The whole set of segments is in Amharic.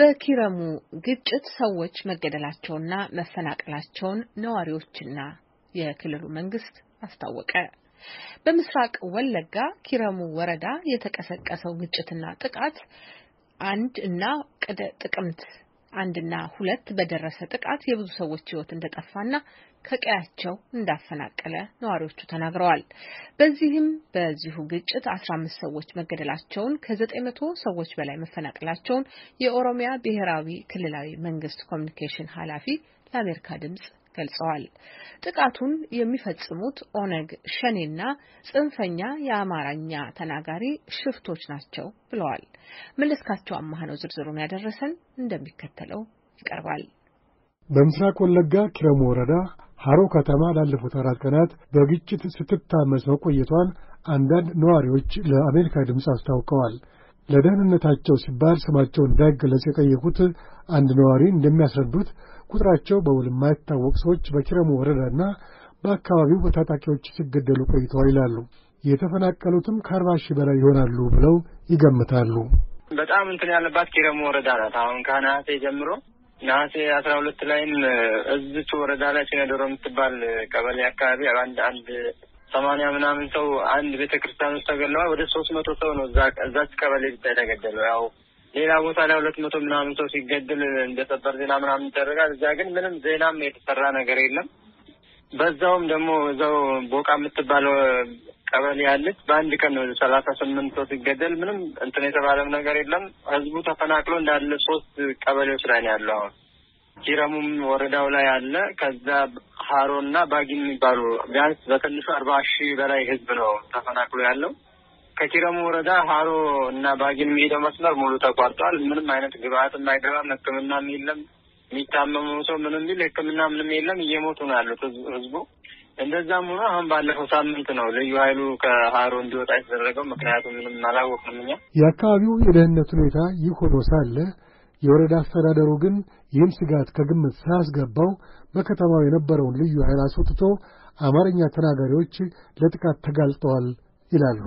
በኪረሙ ግጭት ሰዎች መገደላቸውና መፈናቀላቸውን ነዋሪዎችና የክልሉ መንግስት አስታወቀ። በምስራቅ ወለጋ ኪረሙ ወረዳ የተቀሰቀሰው ግጭትና ጥቃት አንድ እና ቅድ ጥቅምት አንድና ሁለት በደረሰ ጥቃት የብዙ ሰዎች ህይወት እንደጠፋና ከቀያቸው እንዳፈናቀለ ነዋሪዎቹ ተናግረዋል። በዚህም በዚሁ ግጭት 15 ሰዎች መገደላቸውን ከ900 ሰዎች በላይ መፈናቀላቸውን የኦሮሚያ ብሔራዊ ክልላዊ መንግስት ኮሚኒኬሽን ኃላፊ ለአሜሪካ ድምጽ ገልጸዋል። ጥቃቱን የሚፈጽሙት ኦነግ ሸኔና ጽንፈኛ የአማርኛ ተናጋሪ ሽፍቶች ናቸው ብለዋል። መለስካቸው አማህ ነው ዝርዝሩን ያደረሰን፣ እንደሚከተለው ይቀርባል። በምስራቅ ወለጋ ኪረሙ ወረዳ ሐሮ ከተማ ላለፉት አራት ቀናት በግጭት ስትታመስ መቆየቷን አንዳንድ ነዋሪዎች ለአሜሪካ ድምፅ አስታውቀዋል። ለደህንነታቸው ሲባል ስማቸው እንዳይገለጽ የጠየቁት አንድ ነዋሪ እንደሚያስረዱት ቁጥራቸው በውል የማይታወቅ ሰዎች በኪረሙ ወረዳና በአካባቢው በታጣቂዎች ሲገደሉ ቆይተዋል ይላሉ። የተፈናቀሉትም ከአርባ ሺህ በላይ ይሆናሉ ብለው ይገምታሉ። በጣም እንትን ያለባት ኪረሙ ወረዳ ናት። አሁን ከነሐሴ ጀምሮ ነሐሴ አስራ ሁለት ላይም እዝቱ ወረዳ ላይ ሲነዶሮ የምትባል ቀበሌ አካባቢ አንድ አንድ ሰማንያ ምናምን ሰው አንድ ቤተ ክርስቲያን ውስጥ ተገለዋል። ወደ ሶስት መቶ ሰው ነው እዛች ቀበሌ ብቻ የተገደለው ያው ሌላ ቦታ ላይ ሁለት መቶ ምናምን ሰው ሲገድል እንደሰበር ዜና ምናምን ይደረጋል። እዛ ግን ምንም ዜናም የተሰራ ነገር የለም። በዛውም ደግሞ እዛው ቦቃ የምትባለው ቀበሌ ያለች በአንድ ቀን ነው ሰላሳ ስምንት ሰው ሲገደል ምንም እንትን የተባለም ነገር የለም። ህዝቡ ተፈናቅሎ እንዳለ ሶስት ቀበሌዎች ላይ ነው ያለው። አሁን ኪረሙም ወረዳው ላይ አለ። ከዛ ሀሮ እና ባጊ የሚባሉ ቢያንስ በትንሹ አርባ ሺህ በላይ ህዝብ ነው ተፈናቅሎ ያለው። ከኪረሙ ወረዳ ሀሮ እና ባጊን የሚሄደው መስመር ሙሉ ተቋርጧል። ምንም አይነት ግብአትም አይገባም። ሕክምናም የለም። የሚታመሙ ሰው ምንም ቢል ሕክምና ምንም የለም። እየሞቱ ነው ያሉት ህዝቡ። እንደዛም ሆኖ አሁን ባለፈው ሳምንት ነው ልዩ ኃይሉ ከሀሮ እንዲወጣ የተደረገው። ምክንያቱም ምንም አላወቅንም እኛ የአካባቢው የደህንነት ሁኔታ ይህ ሆኖ ሳለ የወረዳ አስተዳደሩ ግን ይህን ስጋት ከግምት ሳያስገባው በከተማው የነበረውን ልዩ ኃይል አስወጥቶ አማርኛ ተናጋሪዎች ለጥቃት ተጋልጠዋል ይላሉ።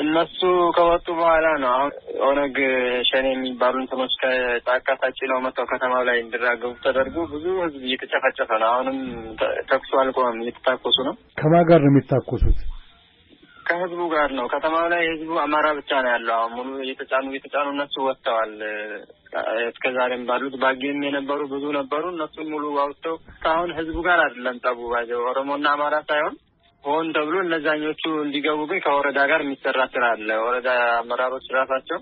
እነሱ ከወጡ በኋላ ነው አሁን ኦነግ ሸኔ የሚባሉ እንትኖች ከጫካ ነው መጥተው ከተማው ላይ እንዲራገቡ ተደርጎ ብዙ ህዝብ እየተጨፈጨፈ ነው። አሁንም ተኩሱ አልቆመም፣ እየተታኮሱ ነው። ከማን ጋር ነው የሚታኮሱት? ከህዝቡ ጋር ነው። ከተማው ላይ ህዝቡ አማራ ብቻ ነው ያለው። አሁን ሙሉ እየተጫኑ እየተጫኑ እነሱ ወጥተዋል። እስከ ዛሬም ባሉት ባጌም የነበሩ ብዙ ነበሩ። እነሱን ሙሉ አውጥተው እስካሁን ህዝቡ ጋር አይደለም ጠቡ ባይዘ ኦሮሞና አማራ ሳይሆን ሆን ተብሎ እነዛኞቹ እንዲገቡ ግን ከወረዳ ጋር የሚሰራ ስራ አለ። ወረዳ አመራሮች ራሳቸው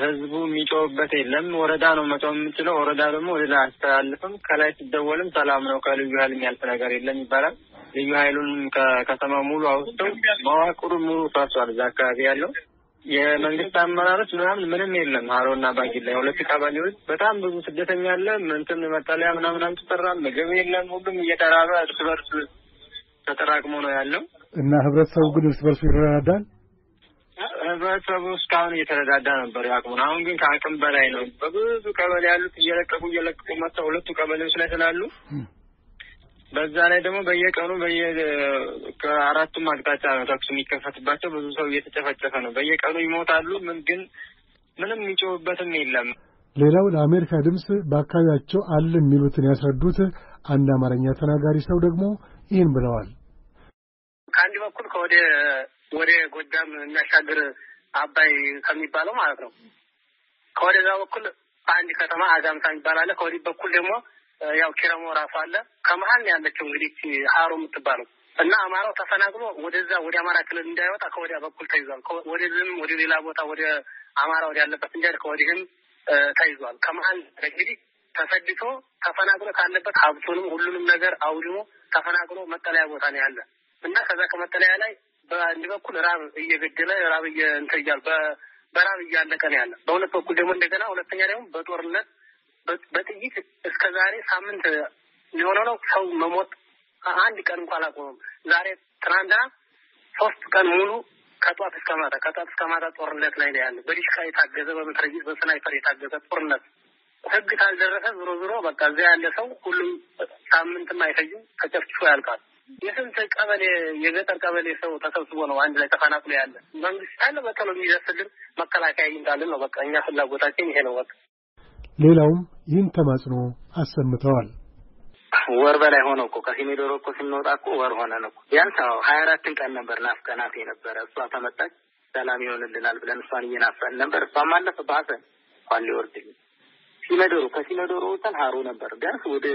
ህዝቡ የሚጮውበት የለም። ወረዳ ነው መጮው የምችለው። ወረዳ ደግሞ ወደ ላይ አስተላልፍም። ከላይ ሲደወልም ሰላም ነው፣ ከልዩ ኃይል የሚያልፍ ነገር የለም ይባላል። ልዩ ኃይሉን ከከተማ ሙሉ አውስተው መዋቅሩ ሙሉ ፋሷል። እዛ አካባቢ ያለው የመንግስት አመራሮች ምናምን ምንም የለም። ሀሮና ባጊላ የሁለት ቀበሌዎች በጣም ብዙ ስደተኛ አለ። ምንትን መጠለያ ምናምን አልተሰራም። ምግብ የለም። ሁሉም እየተራበ እርስ በርስ ተጠራቅሞ ነው ያለው እና ህብረተሰቡ ግን እርስ በርሱ ይረዳዳል። ህብረተሰቡ እስካሁን እየተረዳዳ ነበር የአቅሙን። አሁን ግን ከአቅም በላይ ነው። በብዙ ቀበሌ ያሉት እየለቀቁ እየለቀቁ መጥተው ሁለቱ ቀበሌዎች ላይ ስላሉ በዛ ላይ ደግሞ በየቀኑ በየ ከአራቱም አቅጣጫ ነው ተኩስ የሚከፈትባቸው። ብዙ ሰው እየተጨፈጨፈ ነው። በየቀኑ ይሞታሉ። ምን ግን ምንም የሚጮውበትም የለም። ሌላው ለአሜሪካ ድምፅ በአካባቢያቸው አለ የሚሉትን ያስረዱት አንድ አማርኛ ተናጋሪ ሰው ደግሞ ይህን ብለዋል። ከአንድ በኩል ከወደ ወደ ጎጃም የሚያሻግር አባይ ከሚባለው ማለት ነው። ከወደዛ በኩል አንድ ከተማ አዛምታ የሚባል አለ። ከወዲህ በኩል ደግሞ ያው ኪረሞ ራሱ አለ። ከመሀል ነው ያለችው እንግዲህ ሀሮ የምትባለው እና አማራው ተፈናቅሎ ወደዛ ወደ አማራ ክልል እንዳይወጣ ከወዲያ በኩል ተይዟል። ወደዚህም ወደ ሌላ ቦታ ወደ አማራ ወደ ያለበት እንዲያል ከወዲህም ተይዟል። ከመሀል እንግዲህ ተሰድቶ ተፈናቅሎ ካለበት ሀብቱንም ሁሉንም ነገር አውድሞ ተፈናቅሎ መጠለያ ቦታ ነው ያለ እና ከዛ ከመጠለያ ላይ በአንድ በኩል ራብ እየገደለ ራብ እንትን እያለ በራብ እያለቀ ነው ያለ። በሁለት በኩል ደግሞ እንደገና ሁለተኛ ደግሞ በጦርነት በጥይት እስከ ዛሬ ሳምንት ሊሆነው ነው ሰው መሞት አንድ ቀን እንኳን አላቆመም። ዛሬ ትናንትና ሶስት ቀን ሙሉ ከጧት እስከ ማታ ከጧት እስከ ማታ ጦርነት ላይ ነው ያለ። በዲሽካ የታገዘ በመትረየስ በስናይፐር የታገዘ ጦርነት ህግ ካልደረሰ ዞሮ ዞሮ በቃ እዚያ ያለ ሰው ሁሉም ሳምንትም አይፈጅም ተጨፍጭፎ ያልቃል። የስንት ቀበሌ የገጠር ቀበሌ ሰው ተሰብስቦ ነው አንድ ላይ ተፈናቅሎ ያለ። መንግስት ካለ በቀሎ የሚደርስልን መከላከያ ይምጣልን ነው በቃ እኛ ፍላጎታችን ይሄ ነው። በቃ ሌላውም ይህን ተማጽኖ አሰምተዋል። ወር በላይ ሆነ እኮ ከሲሚዶሮ እኮ ስንወጣ እኮ ወር ሆነ ነው እኮ ቢያንስ ሀያ አራትን ቀን ነበር ናፍቀናት የነበረ። እሷ ተመጣች ሰላም ይሆንልናል ብለን እሷን እየናፈን ነበር። እሷም አለፈ በሀዘን እንኳን ሊወርድልኝ ሲነደሩ ከሲነደሩ ወጥተን ሀሮ ነበር። ቢያንስ ወደ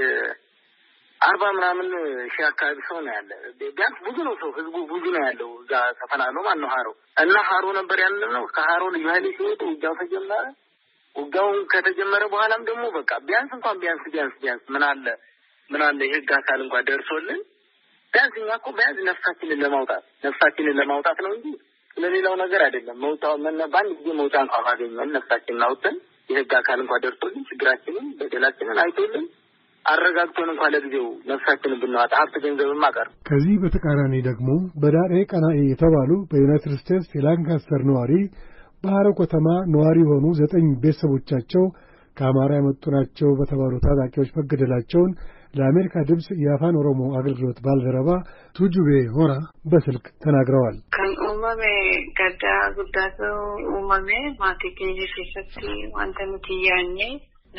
አርባ ምናምን ሺ አካባቢ ሰው ነው ያለ። ቢያንስ ብዙ ነው ሰው ህዝቡ ብዙ ነው ያለው እዛ ተፈናሎ ማን ነው ሀሮ እና ሀሮ ነበር ያለ ነው። ከሀሮ ልዩ ኃይሌ ሲወጡ ውጊያው ተጀመረ። ውጊያውን ከተጀመረ በኋላም ደግሞ በቃ ቢያንስ እንኳን ቢያንስ ቢያንስ ቢያንስ ምን አለ ምን አለ የህግ አካል እንኳን ደርሶልን ቢያንስ እኛ እኮ ቢያንስ ነፍሳችንን ለማውጣት ነፍሳችንን ለማውጣት ነው እንጂ ስለሌላው ነገር አይደለም። መውጣ በአንድ ጊዜ መውጫ እንኳ ባገኘን ነፍሳችንን አውጥተን የህግ አካል እንኳ ደርቶልን ችግራችንን በደላችንን አይቶልን አረጋግቶን እንኳ ለጊዜው ነፍሳችንን ብናዋጣ ሀብት ገንዘብም አቀር። ከዚህ በተቃራኒ ደግሞ በዳሬ ቀናኤ የተባሉ በዩናይትድ ስቴትስ የላንካስተር ነዋሪ ባህረ ከተማ ነዋሪ የሆኑ ዘጠኝ ቤተሰቦቻቸው ከአማራ የመጡ ናቸው በተባሉ ታጣቂዎች መገደላቸውን ለአሜሪካ ድምፅ የአፋን ኦሮሞ አገልግሎት ባልደረባ ቱጁቤ ሆራ በስልክ ተናግረዋል። ኡመሜ ገዳ ጉዳቶ ኡመሜ ማቲ ኬኝ ኬሰቲ ዋንተ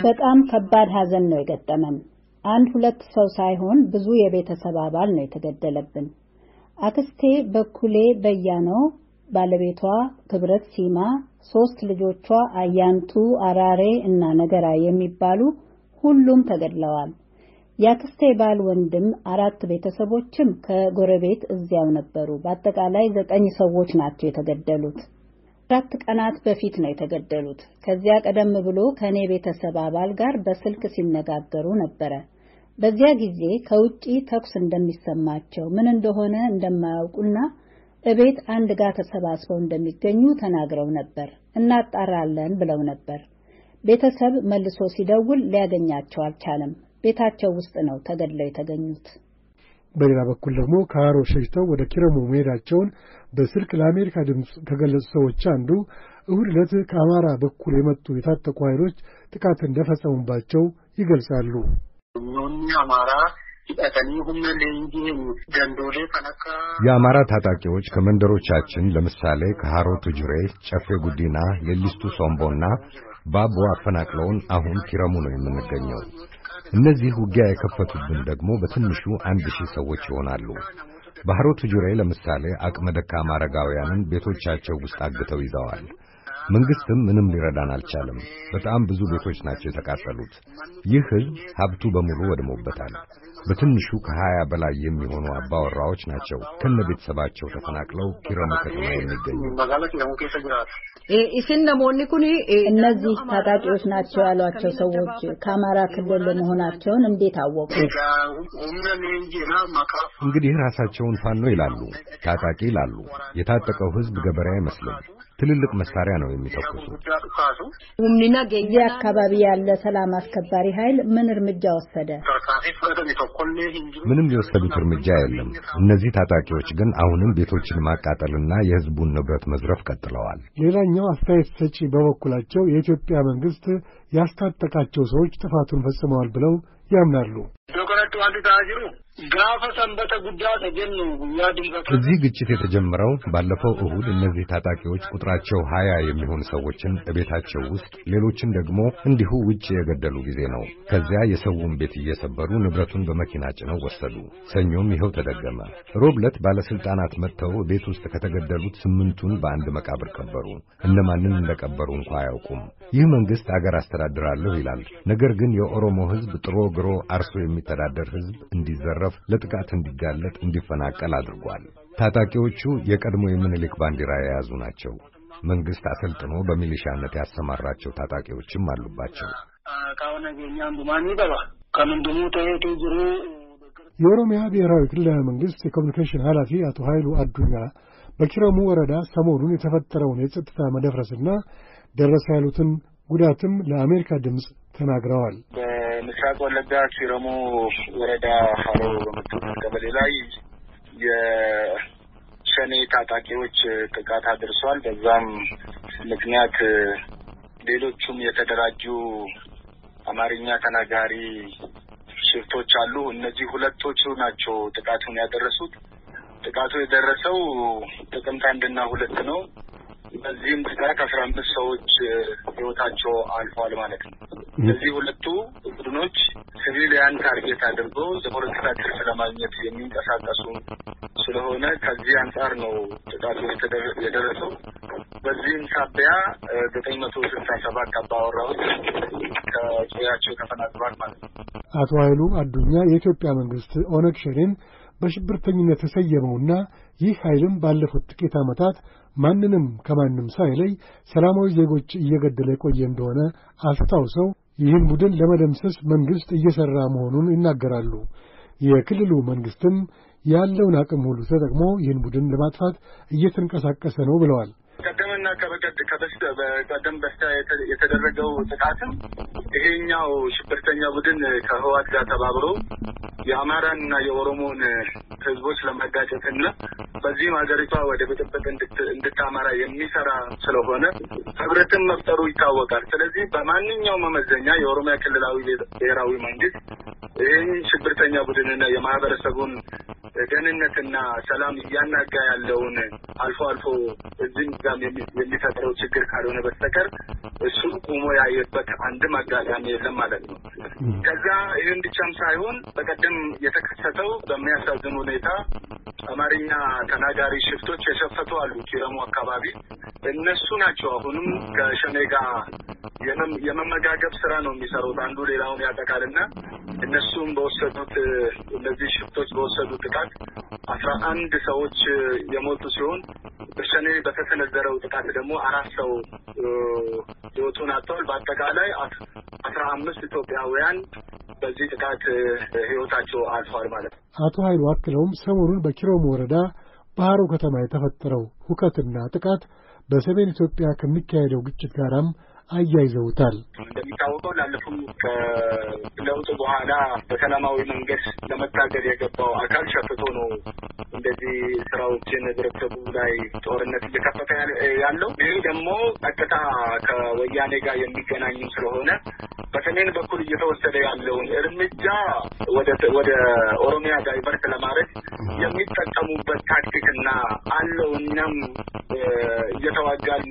በጣም ከባድ ሀዘን ነው የገጠመን። አንድ ሁለት ሰው ሳይሆን ብዙ የቤተሰብ አባል ነው የተገደለብን። አክስቴ በኩሌ በያነው፣ ባለቤቷ ክብረት ሲማ፣ ሶስት ልጆቿ አያንቱ፣ አራሬ እና ነገራ የሚባሉ ሁሉም ተገድለዋል። የአክስቴ ባል ወንድም አራት ቤተሰቦችም ከጎረቤት እዚያው ነበሩ። በአጠቃላይ ዘጠኝ ሰዎች ናቸው የተገደሉት። አራት ቀናት በፊት ነው የተገደሉት። ከዚያ ቀደም ብሎ ከእኔ ቤተሰብ አባል ጋር በስልክ ሲነጋገሩ ነበረ። በዚያ ጊዜ ከውጪ ተኩስ እንደሚሰማቸው ምን እንደሆነ እንደማያውቁና እቤት አንድ ጋር ተሰባስበው እንደሚገኙ ተናግረው ነበር። እናጣራለን ብለው ነበር። ቤተሰብ መልሶ ሲደውል ሊያገኛቸው አልቻለም። ቤታቸው ውስጥ ነው ተገድለው የተገኙት። በሌላ በኩል ደግሞ ከሃሮ ሸሽተው ወደ ኪረሙ መሄዳቸውን በስልክ ለአሜሪካ ድምፅ ከገለጹ ሰዎች አንዱ እሁድ ዕለት ከአማራ በኩል የመጡ የታጠቁ ኃይሎች ጥቃት እንደፈጸሙባቸው ይገልጻሉ። የአማራ ታጣቂዎች ከመንደሮቻችን ለምሳሌ ከሃሮ ቱጁሬ፣ ጨፌ ጉዲና፣ ሌሊስቱ ሶምቦና ባቦ አፈናቅለውን አሁን ኪረሙ ነው የምንገኘው። እነዚህ ውጊያ የከፈቱብን ደግሞ በትንሹ አንድ ሺህ ሰዎች ይሆናሉ። ባህሮት ጁሬ ለምሳሌ አቅመ ደካማ አረጋውያንን ቤቶቻቸው ውስጥ አግተው ይዘዋል። መንግስትም ምንም ሊረዳን አልቻለም። በጣም ብዙ ቤቶች ናቸው የተቃጠሉት። ይህ ህዝብ ሀብቱ በሙሉ ወድሞበታል። በትንሹ ከሀያ በላይ የሚሆኑ አባወራዎች ናቸው ከነ ቤተሰባቸው ተፈናቅለው ኪረሙ ከተማ የሚገኙ። እነዚህ ታጣቂዎች ናቸው ያሏቸው ሰዎች ከአማራ ክልል መሆናቸውን እንዴት አወቁ? እንግዲህ ራሳቸውን ፋኖ ይላሉ፣ ታጣቂ ይላሉ። የታጠቀው ህዝብ ገበሬ አይመስልም። ትልልቅ መሳሪያ ነው የሚተኩሱት። እዚህ አካባቢ ያለ ሰላም አስከባሪ ኃይል ምን እርምጃ ወሰደ? ምንም የወሰዱት እርምጃ የለም። እነዚህ ታጣቂዎች ግን አሁንም ቤቶችን ማቃጠልና የሕዝቡን ንብረት መዝረፍ ቀጥለዋል። ሌላኛው አስተያየት ሰጪ በበኩላቸው የኢትዮጵያ መንግስት ያስታጠቃቸው ሰዎች ጥፋቱን ፈጽመዋል ብለው ያምናሉ። እዚህ ግጭት የተጀመረው ባለፈው እሁድ እነዚህ ታጣቂዎች ቁጥራቸው ሀያ የሚሆን ሰዎችን እቤታቸው ውስጥ ሌሎችን ደግሞ እንዲሁ ውጭ የገደሉ ጊዜ ነው። ከዚያ የሰውን ቤት እየሰበሩ ንብረቱን በመኪና ጭነው ወሰዱ። ሰኞም ይኸው ተደገመ። ሮብለት ባለስልጣናት መጥተው ቤት ውስጥ ከተገደሉት ስምንቱን በአንድ መቃብር ቀበሩ። እነማንን እንደቀበሩ እንኳ አያውቁም። ይህ መንግስት አገር አስተዳድራለሁ ይላል። ነገር ግን የኦሮሞ ህዝብ ጥሮ ግሮ አርሶ የሚተዳደር ህዝብ እንዲዘራ እንዲገረፍ፣ ለጥቃት እንዲጋለጥ፣ እንዲፈናቀል አድርጓል። ታጣቂዎቹ የቀድሞ የምኒልክ ባንዲራ የያዙ ናቸው። መንግሥት አሰልጥኖ በሚሊሻነት ያሰማራቸው ታጣቂዎችም አሉባቸው። የኦሮሚያ ብሔራዊ ክልላዊ መንግሥት የኮሚኒኬሽን ኃላፊ አቶ ኃይሉ አዱኛ በኪረሙ ወረዳ ሰሞኑን የተፈጠረውን የጸጥታ መደፍረስና ደረሰ ያሉትን ጉዳትም ለአሜሪካ ድምፅ ተናግረዋል። ምስራቅ ወለጋ ሲረሞ ወረዳ ሀሮ በምትሆን ቀበሌ ላይ የሸኔ ታጣቂዎች ጥቃት አድርሷል። በዛም ምክንያት ሌሎቹም የተደራጁ አማርኛ ተናጋሪ ሽፍቶች አሉ። እነዚህ ሁለቶቹ ናቸው ጥቃቱን ያደረሱት። ጥቃቱ የደረሰው ጥቅምት አንድና ሁለት ነው። በዚህም ጥቃት አስራ አምስት ሰዎች ህይወታቸው አልፏል ማለት ነው። እነዚህ ሁለቱ ቡድኖች ሲቪሊያን ታርጌት አድርጎ የፖለቲካ ትርፍ ለማግኘት የሚንቀሳቀሱ ስለሆነ ከዚህ አንጻር ነው ጥቃቱ የደረሰው። በዚህም ሳቢያ ዘጠኝ መቶ ስልሳ ሰባት አባወራዎች ከቀያቸው ተፈናቅሏል ማለት ነው። አቶ ኃይሉ አዱኛ የኢትዮጵያ መንግስት ኦነግ ሸኔን በሽብርተኝነት የሰየመውና ይህ ኃይልም ባለፉት ጥቂት ዓመታት ማንንም ከማንም ሳይለይ ሰላማዊ ዜጎች እየገደለ የቆየ እንደሆነ አስታውሰው ይህን ቡድን ለመደምሰስ መንግሥት እየሠራ መሆኑን ይናገራሉ። የክልሉ መንግሥትም ያለውን አቅም ሁሉ ተጠቅሞ ይህን ቡድን ለማጥፋት እየተንቀሳቀሰ ነው ብለዋል። ቀደምና ከበቀደም በስቲያ የተደረገው ጥቃትም ይሄኛው ሽብርተኛ ቡድን ከህወሓት ጋር ተባብሮ የአማራንና የኦሮሞን ህዝቦች ለማጋጨትና በዚህም ሀገሪቷ ወደ ብጥብጥ እንድታመራ የሚሰራ ስለሆነ ህብረትን መፍጠሩ ይታወቃል። ስለዚህ በማንኛውም መመዘኛ የኦሮሚያ ክልላዊ ብሔራዊ መንግስት ይህን ሽብርተኛ ቡድንና የማህበረሰቡን ደህንነትና ሰላም እያናጋ ያለውን አልፎ አልፎ እዚህም እዛም የሚፈጥረው ችግር ካልሆነ በስተቀር እሱ ቁሞ ያየበት አንድም አጋጣሚ የለም ማለት ነው። ከዛ ይህን ብቻም ሳይሆን በቀደም የተከሰተው በሚያሳዝን ሁኔታ አማርኛ ተናጋሪ ሽፍቶች የሸፈቱ አሉ ኪረሙ አካባቢ እነሱ ናቸው አሁንም ከሸኔ ጋር የመመጋገብ ስራ ነው የሚሰሩት። አንዱ ሌላውን ያጠቃልና እነሱም በወሰዱት እነዚህ ሽፍቶች በወሰዱት ጥቃት ጥቃት አስራ አንድ ሰዎች የሞቱ ሲሆን በሸኔ በተሰነዘረው ጥቃት ደግሞ አራት ሰው ህይወቱን አጥተዋል። በአጠቃላይ አስራ አምስት ኢትዮጵያውያን በዚህ ጥቃት ህይወታቸው አልፏል ማለት ነው። አቶ ኃይሉ አክለውም ሰሞኑን በኪሮም ወረዳ ባህሩ ከተማ የተፈጠረው ሁከትና ጥቃት በሰሜን ኢትዮጵያ ከሚካሄደው ግጭት ጋራም አያይዘውታል። እንደሚታወቀው ላለፉም ከለውጡ በኋላ በሰላማዊ መንገድ ለመታገል የገባው አካል ሸፍቶ ነው እንደዚህ ስራዎችን ህብረተሰቡ ላይ ጦርነት እየከፈተ ያለው። ይህ ደግሞ ቀጥታ ከወያኔ ጋር የሚገናኙ ስለሆነ በሰሜን በኩል እየተወሰደ ያለውን እርምጃ ወደ ኦሮሚያ ዳይቨርት ለማድረግ የሚጠቀሙበት ታክቲክና አለው እኛም እየተዋጋል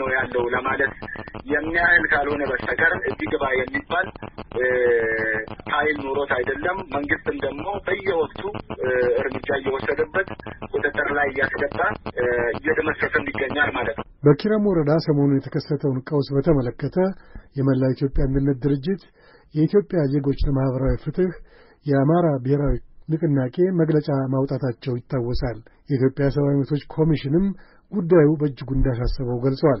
ነው ያለው ለማለት የኛ ካልሆነ በስተቀር እዚህ ግባ የሚባል ኃይል ኑሮት አይደለም። መንግስትም ደግሞ በየወቅቱ እርምጃ እየወሰደበት ቁጥጥር ላይ እያስገባ እየደመሰሰም ይገኛል ማለት ነው። በኪረም ወረዳ ሰሞኑን የተከሰተውን ቀውስ በተመለከተ የመላ ኢትዮጵያ አንድነት ድርጅት፣ የኢትዮጵያ ዜጎች ለማህበራዊ ፍትህ፣ የአማራ ብሔራዊ ንቅናቄ መግለጫ ማውጣታቸው ይታወሳል። የኢትዮጵያ ሰብአዊ መብቶች ኮሚሽንም ጉዳዩ በእጅጉ እንዳሳሰበው ገልጿል።